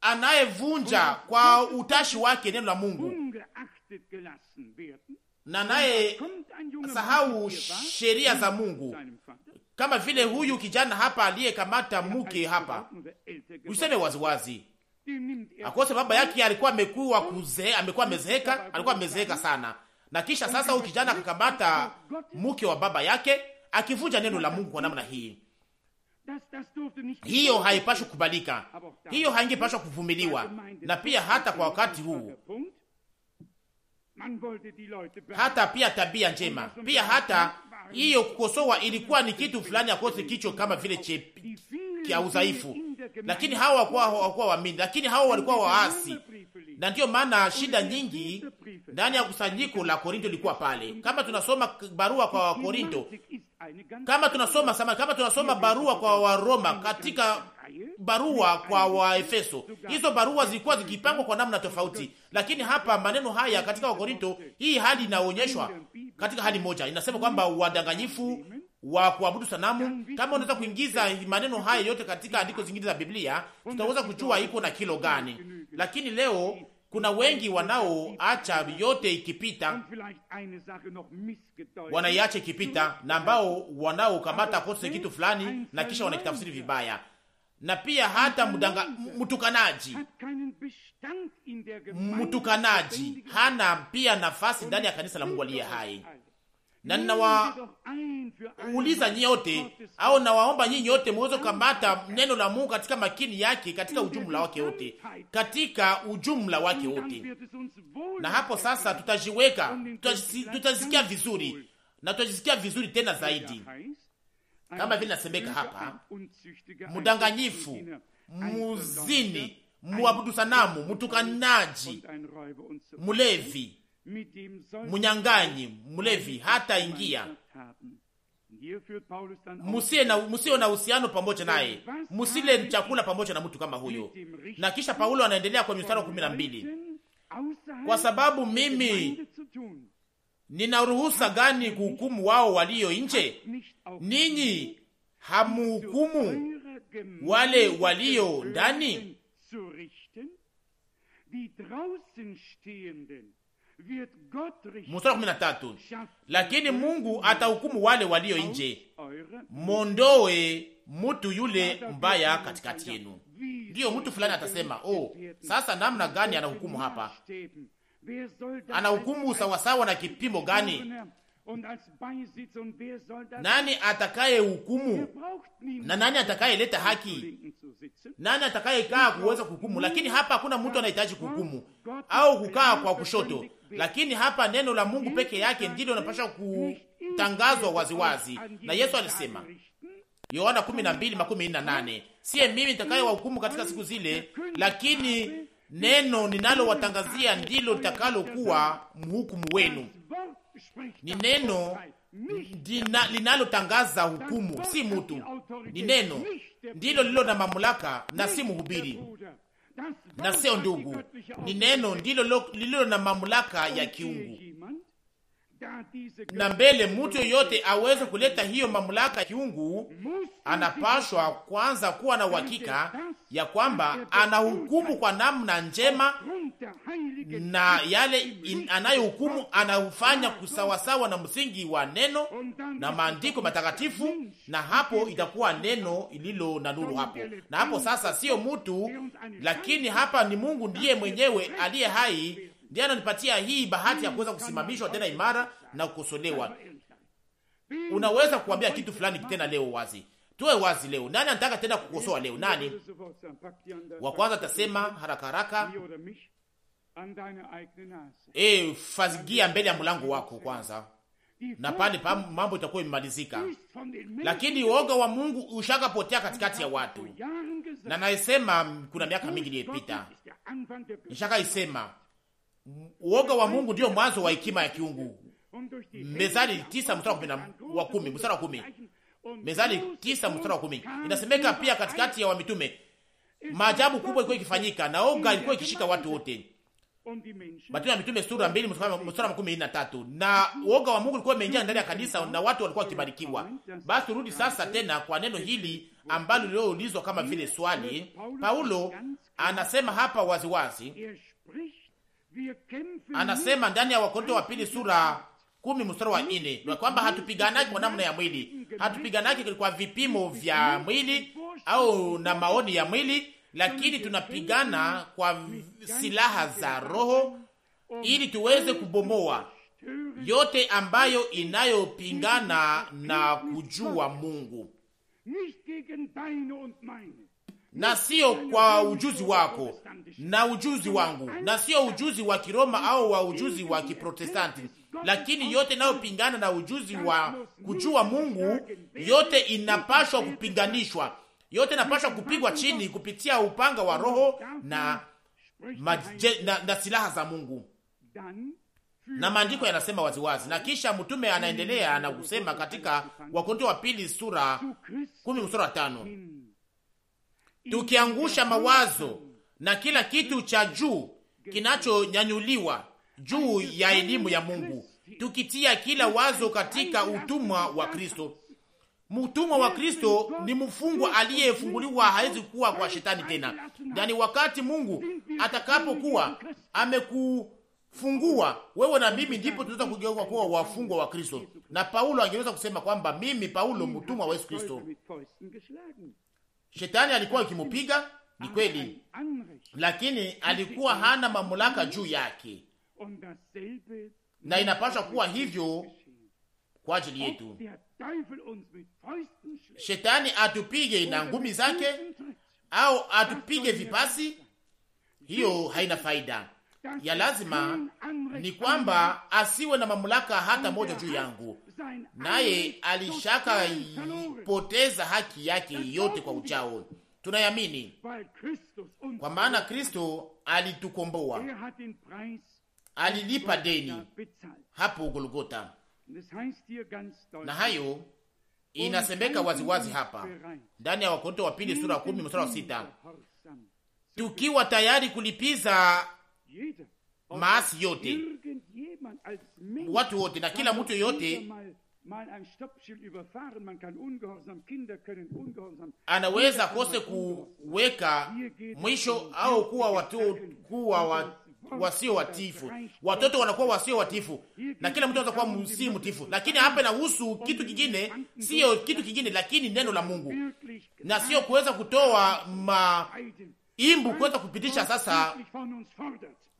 anayevunja kwa utashi wake neno la Mungu na naye sahau sheria za Mungu, kama vile huyu kijana hapa aliyekamata er mke hapa, useme waziwazi er akose baba yake alikuwa amekuwa kuzee, amekuwa amezeeka, er alikuwa amezeeka sana na kisha sasa huyu kijana akakamata mke wa baba yake, akivunja neno la Mungu kwa namna hii. Hiyo haipashi kubalika, hiyo haingepashwa kuvumiliwa, na pia hata kwa wakati huu, hata pia tabia njema, pia hata hiyo kukosoa ilikuwa ni kitu fulani ya kosi kichwa kama vile chepi ya udhaifu, lakini hawa hawakuwa waamini, lakini hawa walikuwa waasi, na ndiyo maana shida nyingi ndani ya kusanyiko la Korinto ilikuwa pale. Kama tunasoma barua kwa Wakorinto, kama tunasoma sama, kama tunasoma barua kwa Waroma, katika barua kwa Waefeso, hizo barua zilikuwa zikipangwa kwa namna tofauti, lakini hapa maneno haya katika Wakorinto, hii hali inaonyeshwa katika hali moja, inasema kwamba wadanganyifu wa kuabudu sanamu. Kama unaweza kuingiza maneno haya yote katika andiko zingine za Biblia, tutaweza kujua iko na kilo gani. Lakini leo kuna wengi wanaoacha yote ikipita, wanaiacha ikipita, na ambao wanaokamata kose kitu fulani na kisha wanakitafsiri vibaya, na pia hata mudanga, mtukanaji mtukanaji hana pia nafasi ndani ya kanisa la Mungu aliye hai na ninawauliza nyote au nawaomba nyinyi nyote muweze kukamata neno la Mungu katika makini yake, katika ujumla wake wote, katika ujumla wake wote. Na hapo sasa tutajiweka, tutasikia vizuri na tutajisikia vizuri tena zaidi, kama vile nasemeka hapa: mdanganyifu, muzini, muabudu sanamu, mtukanaji, mulevi mnyang'anyi, mlevi hata ingia, musiwe na uhusiano pamoja naye, musile chakula pamoja na mtu kama huyo. Na kisha Paulo anaendelea kwa mstari wa kumi na mbili kwa sababu mimi nina ruhusa gani kuhukumu wao walio nje? Ninyi hamuhukumu wale walio ndani? Mstari kumi na tatu, lakini Mungu atahukumu wale walio nje, mondoe mutu yule mbaya katikati yenu. Ndiyo, mtu fulani atasema oh, sasa namna gani anahukumu hapa? Anahukumu sawasawa na kipimo gani? Nani atakaye hukumu na nani atakayeleta um haki? Nani atakayekaa kuweza kuhukumu? Lakini hapa hakuna mtu anahitaji um kuhukumu au kukaa kwa kushoto, lakini hapa neno la Mungu peke yake ndilo linapasha kutangazwa waziwazi. Na Yesu alisema Yohana 12:48, siye mimi wahukumu katika siku zile, lakini neno ninalowatangazia ndilo litakalokuwa mhukumu wenu. Ni neno linalotangaza hukumu, si mutu. Ni neno ndilo lilo na mamlaka na si mhubiri na sio ndugu. Ni neno ndilo lililo na mamlaka ya kiungu na mbele mtu yoyote aweze kuleta hiyo mamlaka kiungu, anapashwa kwanza kuwa na uhakika ya kwamba anahukumu kwa namna njema, na yale anayohukumu anahufanya kusawasawa na msingi wa neno na maandiko matakatifu, na hapo itakuwa neno ililo na nuru hapo na hapo. Sasa sio mtu, lakini hapa ni Mungu ndiye mwenyewe aliye hai ndiye ananipatia hii bahati ya kuweza kusimamishwa tena imara na kukosolewa. Unaweza kuambia kitu fulani tena leo wazi, tuwe wazi leo. Nani anataka tena kukosoa leo? Nani wa kwanza atasema haraka haraka? E, fazigia mbele ya mlango wako kwanza, na pale mambo itakuwa imemalizika. Lakini uoga wa Mungu ushakapotea katikati ya watu, na naisema kuna miaka mingi iliyopita nishakaisema uoga wa Mungu ndiyo mwanzo wa hekima ya kiungu. Mezali tisa mstari wa kumi, wa kumi mstari wa kumi. Mezali tisa mstari wa kumi. Inasemeka pia katikati ya wamitume maajabu kubwa ilikuwa ikifanyika na oga ilikuwa ikishika watu wote. Matendo ya Mitume sura mbili mstari wa kumi na tatu. Na uoga wa Mungu ulikuwa umeingia ndani ya kanisa na watu walikuwa wakibarikiwa. Basi turudi sasa tena kwa neno hili ambalo lililoulizwa kama vile swali. Paulo anasema hapa waziwazi wazi, anasema ndani ya Wakorinto wa pili sura kumi mstari wa nne ya kwamba hatupiganaki kwa namna ya mwili, hatupiganaki kwa vipimo vya mwili au na maoni ya mwili, lakini tunapigana kwa silaha za Roho um ili tuweze kubomoa yote ambayo inayopingana na kujua Mungu na sio kwa ujuzi wako na ujuzi wangu, na sio ujuzi wa Kiroma au wa ujuzi wa Kiprotestanti, lakini yote inayopingana na ujuzi wa kujua Mungu, yote inapashwa kupinganishwa, yote inapashwa kupigwa chini kupitia upanga wa Roho na, maje, na, na silaha za Mungu. Na maandiko yanasema waziwazi. Na kisha mtume anaendelea na kusema katika Wakorintho wa pili sura kumi sura tano tukiangusha mawazo na kila kitu cha juu kinachonyanyuliwa juu ya elimu ya Mungu, tukitia kila wazo katika utumwa wa Kristo. Mtumwa wa Kristo ni mfungwa aliyefunguliwa, hawezi kuwa kwa shetani tena. Yani wakati Mungu atakapokuwa amekufungua wewe na mimi, ndipo tunaweza kugeuka kuwa wafungwa wa Kristo. Na Paulo angeweza kusema kwamba mimi Paulo, mtumwa wa Yesu Kristo. Shetani alikuwa ikimupiga ni kweli, lakini alikuwa hana mamlaka juu yake, na inapaswa kuwa hivyo kwa ajili yetu. Shetani atupige na ngumi zake au atupige vipasi, hiyo haina faida ya lazima ni kwamba asiwe na mamlaka hata moja juu yangu, naye alishaka poteza haki yake yote kwa uchao. Tunayamini kwa maana Kristo alitukomboa, alilipa deni hapo Golgota, na hayo inasemeka waziwazi hapa ndani ya Wakorinto wa pili sura ya kumi mstari wa sita tukiwa tayari kulipiza maasi yote, watu wote na kila mtu yoyote anaweza kose kuweka mwisho um au kuwa watu kuwa um wa, wasio watifu. Watoto wanakuwa wasio watifu na kila mtu anaweza kuwa um si mtifu, lakini hapa inahusu kitu kingine, sio kitu kingine, lakini neno la Mungu na sio kuweza kutoa maimbu kuweza kupitisha sasa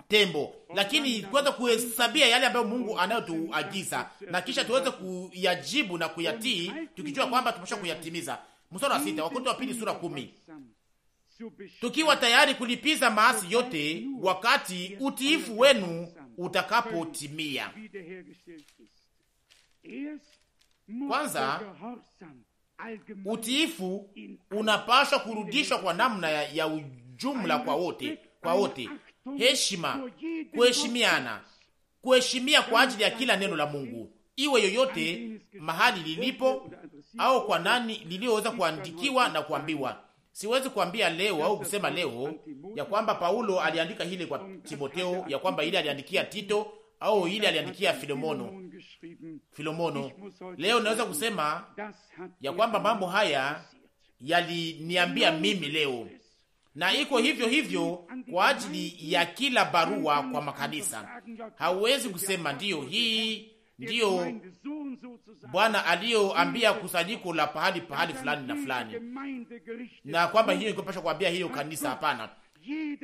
tembo, lakini tuweze kuhesabia yale ambayo Mungu anayotuagiza na kisha tuweze kuyajibu na kuyatii, tukijua kwamba tumesha kuyatimiza. Mstari wa sita, Wakorintho wa pili sura kumi tukiwa tayari kulipiza maasi yote wakati utiifu wenu utakapotimia. Kwanza, utiifu unapashwa kurudishwa kwa namna ya, ya ujumla kwa wote, kwa wote heshima, kuheshimiana, kuheshimia kwa ajili ya kila neno la Mungu, iwe yoyote mahali lilipo au kwa nani liliyoweza kuandikiwa na kuambiwa. Siwezi kuambia leo au kusema leo ya kwamba Paulo aliandika hili kwa Timoteo, ya kwamba ile aliandikia Tito au ile aliandikia Filemono. Filemono. Leo naweza kusema ya kwamba mambo haya yaliniambia mimi leo na iko hivyo hivyo kwa ajili ya kila barua kwa makanisa. Hauwezi kusema ndiyo, hii ndiyo Bwana aliyoambia kusanyiko la pahali pahali fulani na fulani, na kwamba hiyo ikopasha kuambia hiyo kanisa. Hapana,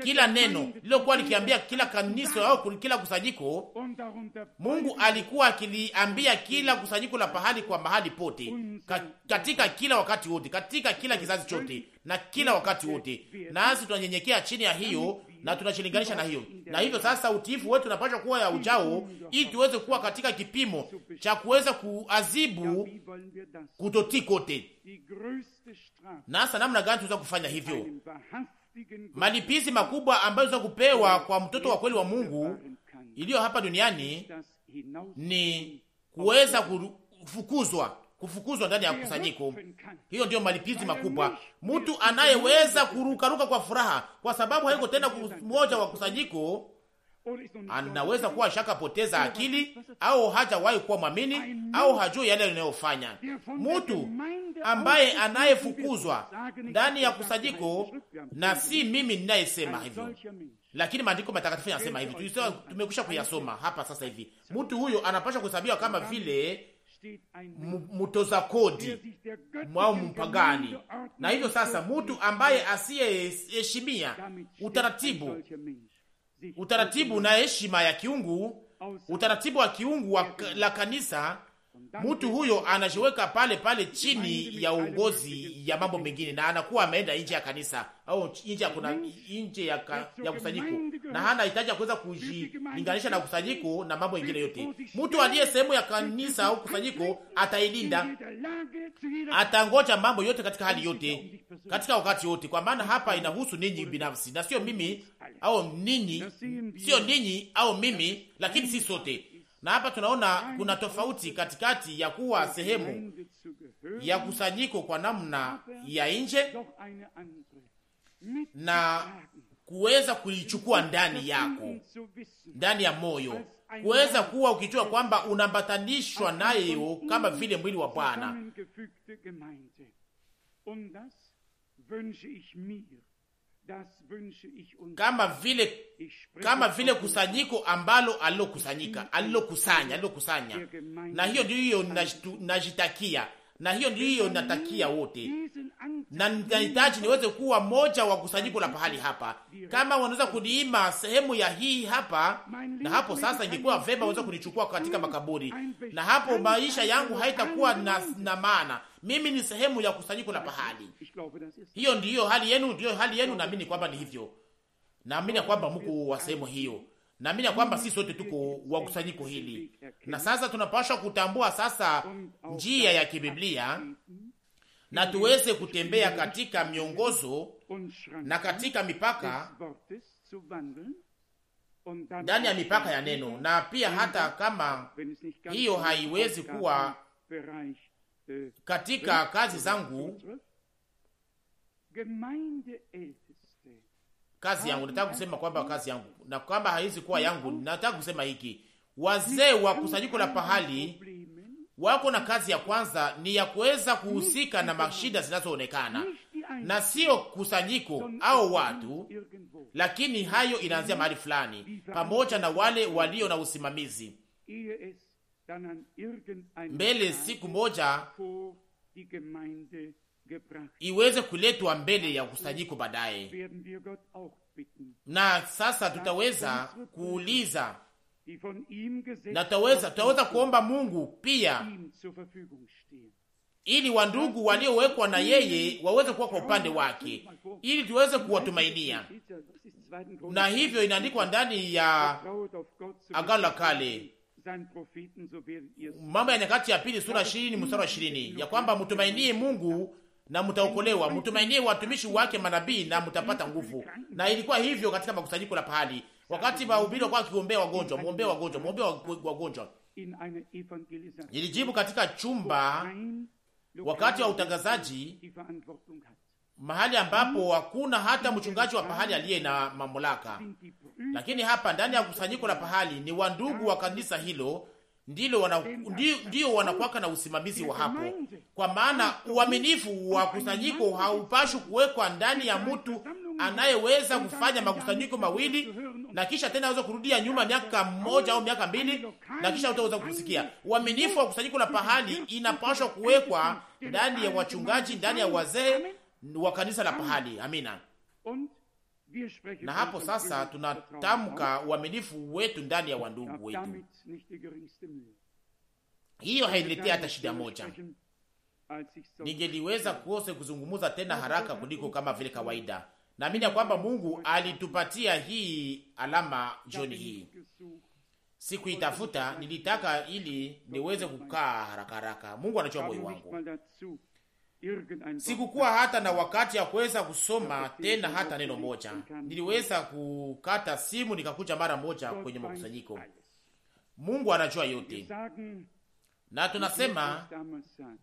kila neno lilokuwa likiambia kila kanisa au kila kusanyiko. Mungu alikuwa akiliambia kila kusanyiko la pahali kwa mahali pote, katika kila wakati wote, katika kila kizazi chote na kila wakati wote, nasi tunanyenyekea chini ya hiyo na tunashilinganisha na hiyo, na hivyo sasa utiifu wetu unapaswa kuwa ya ujao, ili tuweze kuwa katika kipimo cha kuweza kuazibu kutotii kote. Nasa namna gani tuweza kufanya hivyo? malipizi makubwa ambayo za kupewa kwa mtoto wa kweli wa Mungu iliyo hapa duniani ni kuweza kufukuzwa kufukuzwa ndani ya kusanyiko. Hiyo ndiyo malipizi makubwa, mtu anayeweza kurukaruka kwa furaha, kwa sababu haiko tena mmoja wa kusanyiko anaweza kuwa shaka poteza akili au hajawahi kuwa mwamini au hajui yale anayofanya. Mtu ambaye anayefukuzwa ndani ya kusajiko, na si mimi ninayesema hivyo, lakini maandiko matakatifu yanasema hivi, tumekwisha kuyasoma hapa sasa hivi. Mtu huyo anapasha kuhesabiwa kama vile mtoza kodi au mpagani, na hivyo sasa, mtu ambaye asiyeheshimia utaratibu utaratibu na heshima ya kiungu, utaratibu wa kiungu wa la kanisa mtu huyo anajiweka pale pale chini ya uongozi ya mambo mengine, na anakuwa ameenda nje ya kanisa au nje ya kuna nje ya, ka, ya kusanyiko, na hana hitaji ya kuweza kujilinganisha na kusanyiko na mambo mengine yote. Mtu aliye sehemu ya kanisa au kusanyiko atailinda, atangoja mambo yote katika hali yote, katika wakati wote, kwa maana hapa inahusu ninyi binafsi na sio mimi au ninyi, sio ninyi au mimi, lakini si sote na hapa tunaona kuna tofauti katikati ya kuwa sehemu ya kusanyiko kwa namna ya nje na kuweza kuichukua ndani yako, ndani ya moyo, kuweza kuwa ukijua kwamba unambatanishwa nayo kama vile mwili wa Bwana kama vile kama vile kusanyiko ambalo alilokusanyika alilokusanya alilokusanya, na hiyo ndiyo najitakia, na hiyo ndiyo natakia wote, na nahitaji niweze kuwa moja wa kusanyiko la pahali hapa. Kama wanaweza kuniima sehemu ya hii hapa na hapo, sasa ingekuwa vema waweza kunichukua katika makaburi, na hapo maisha yangu haitakuwa na, na maana mimi ni sehemu ya kusanyiko la pahali hiyo. Ndiyo hali yenu, ndiyo hali yenu. Naamini kwamba ni hivyo, naamini ya kwamba mko wa sehemu hiyo, naamini ya kwamba si sote tuko wa kusanyiko hili, na sasa tunapaswa kutambua sasa njia ya kibiblia na tuweze kutembea katika miongozo na katika mipaka ndani ya mipaka ya neno, na pia hata kama hiyo haiwezi kuwa katika kazi zangu, kazi yangu, nataka kusema kwamba kazi yangu na kwamba haizi kuwa yangu. Nataka kusema hiki, wazee wa kusanyiko la pahali wako na kazi ya kwanza ni ya kuweza kuhusika na mashida zinazoonekana na sio kusanyiko au watu, lakini hayo inaanzia mahali fulani, pamoja na wale walio na usimamizi e mbele siku moja iweze kuletwa mbele ya kusanyiko baadaye. Na sasa tutaweza kuuliza na tutaweza, tutaweza kuomba Mungu pia ili wandugu waliowekwa na yeye waweze kuwa kwa upande wake ili tuweze kuwatumainia. Na hivyo inaandikwa ndani ya Agano la Kale Mambo ya Nyakati ya Pili sura ishirini mstari wa ishirini ya kwamba mtumainie Mungu na mtaokolewa, mtumainie watumishi wake manabii na mtapata nguvu. Na ilikuwa hivyo katika makusanyiko la pahali, wakati wahubiri wakuwa wakiombea wagonjwa, mwombea wagonjwa, mwombea wagonjwa. ilijibu katika chumba wakati wa utangazaji mahali ambapo hakuna hata mchungaji wa pahali aliye na mamlaka. Lakini hapa ndani ya kusanyiko la pahali ni wandugu wa kanisa hilo ndilo wana, ndio, ndio wanakuwaka na usimamizi wa hapo, kwa maana uaminifu wa kusanyiko haupashwi kuwekwa ndani ya mtu anayeweza kufanya makusanyiko mawili na kisha tena aweza kurudia nyuma miaka mmoja au miaka mbili na kisha utaweza kusikia. Uaminifu wa kusanyiko la pahali inapashwa kuwekwa ndani ya wachungaji, ndani ya wazee wa kanisa la mm. pahali. Amina. Na hapo sasa tunatamka uaminifu wetu ndani ya wandugu wetu, hiyo hailetea hata shida moja. Ningeliweza kose kuzungumuza tena haraka kuliko kama vile kawaida. Naamini ya kwamba Mungu alitupatia hii alama jioni hii. Sikuitafuta, nilitaka ili niweze kukaa haraka haraka. Mungu anajua moyo wangu Sikukuwa hata na wakati ya kuweza kusoma tena hata neno moja. Niliweza kukata simu nikakuja mara moja kwenye makusanyiko. Mungu anajua yote, na tunasema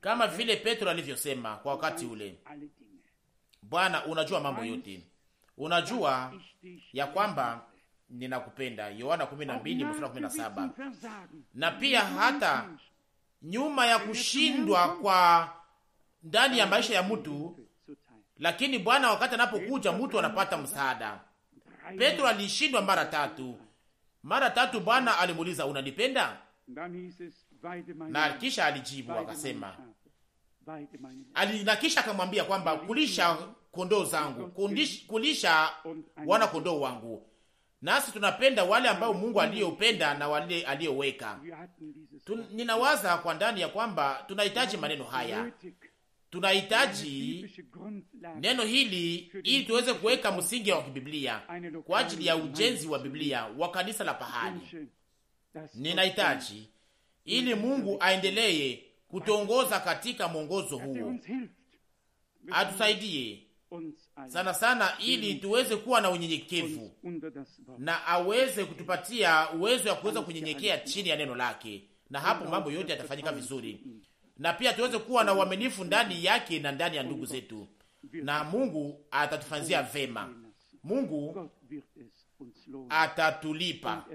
kama vile Petro alivyosema kwa wakati ule, Bwana unajua mambo yote, unajua ya kwamba ninakupenda, Yohana 12:17. Na pia hata nyuma ya kushindwa kwa ndani ya maisha ya mtu, lakini Bwana wakati anapokuja mtu anapata msaada. Petro alishindwa mara tatu. Mara tatu Bwana alimuuliza unanipenda? Na kisha alijibu akasema, na kisha akamwambia kwamba kulisha kondoo zangu, kulisha wana kondoo wangu. Nasi tunapenda wale ambao Mungu aliyopenda na wale aliyoweka. Ninawaza kwa ndani ya kwamba tunahitaji maneno haya tunahitaji neno hili ili tuweze kuweka msingi wa kibiblia kwa ajili ya ujenzi wa Biblia wa kanisa la pahali. Ninahitaji ili Mungu aendelee kutongoza katika mwongozo huo, atusaidie sana sana, ili tuweze kuwa na unyenyekevu na aweze kutupatia uwezo wa kuweza kunyenyekea chini ya neno lake, na hapo mambo yote yatafanyika vizuri na pia tuweze kuwa na uaminifu ndani yake na ndani ya ndugu zetu, na Mungu atatufanzia vema. Mungu atatulipa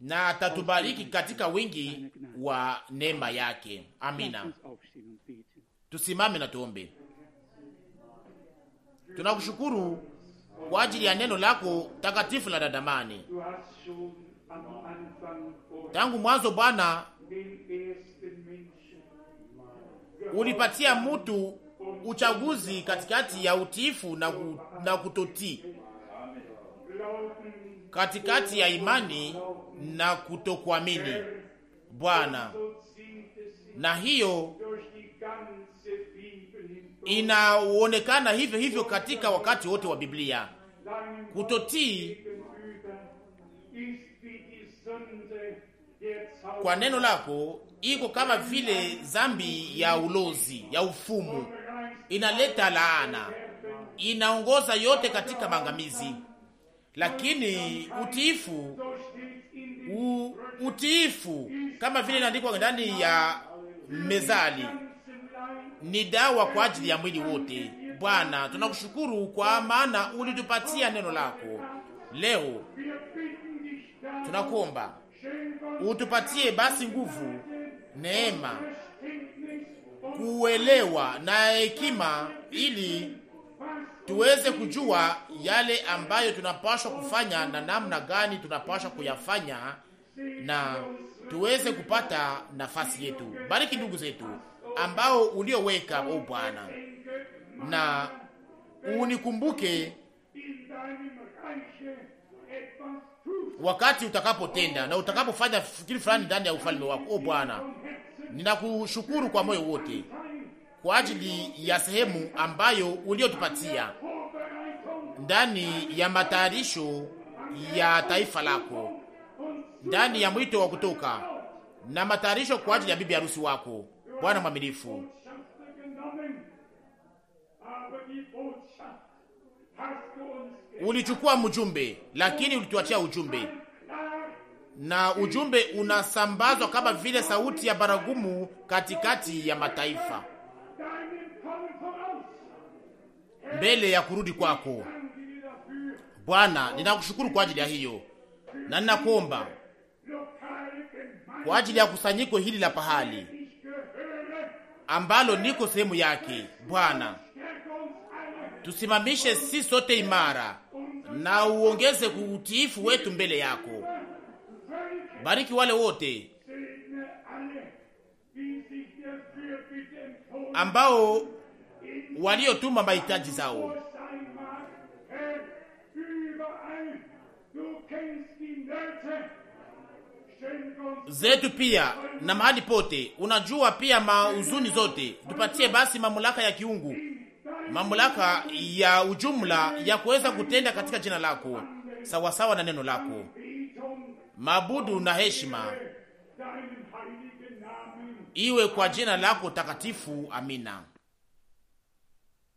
na atatubariki katika wingi wa neema yake. Amina. Tusimame na tuombe. Tunakushukuru kwa ajili ya neno lako takatifu la dadamani tangu mwanzo Bwana ulipatia mtu uchaguzi katikati ya utiifu na, na kutotii, katikati ya imani na kutokuamini Bwana, na hiyo inaonekana hivyo hivyo katika wakati wote wa Biblia. Kutotii kwa neno lako iko kama vile zambi ya ulozi ya ufumu, inaleta laana, inaongoza yote katika maangamizi. Lakini utiifu u, utiifu kama vile inaandikwa ndani ya Mezali ni dawa kwa ajili ya mwili wote. Bwana, tunakushukuru kwa maana ulitupatia neno lako leo. Tunakuomba utupatie basi nguvu neema, kuelewa na hekima, ili tuweze kujua yale ambayo tunapaswa kufanya na namna gani tunapaswa kuyafanya na tuweze kupata nafasi yetu. Bariki ndugu zetu ambao ulioweka, o Bwana, na unikumbuke wakati utakapotenda na utakapofanya kitu fulani ndani ya ufalme wako, o Bwana. Ninakushukuru kwa moyo wote kwa ajili ya sehemu ambayo uliotupatia ndani ya matayarisho ya taifa lako, ndani ya mwito wa kutoka na matayarisho kwa ajili ya bibi harusi wako. Bwana mwaminifu, ulichukua mjumbe, lakini ulituachia ujumbe na ujumbe unasambazwa kama vile sauti ya baragumu katikati ya mataifa, mbele ya kurudi kwako Bwana. Ninakushukuru kwa ajili ya hiyo, na ninakuomba kwa ajili ya kusanyiko hili la pahali ambalo niko sehemu yake. Bwana, tusimamishe si sote imara, na uongeze kuutiifu wetu mbele yako bariki wale wote ambao waliotuma mahitaji zao. zetu pia na mahali pote, unajua pia mahuzuni zote. Tupatie basi mamlaka ya kiungu, mamlaka ya ujumla ya kuweza kutenda katika jina lako sawasawa na neno lako mabudu na heshima iwe kwa jina lako takatifu. Amina.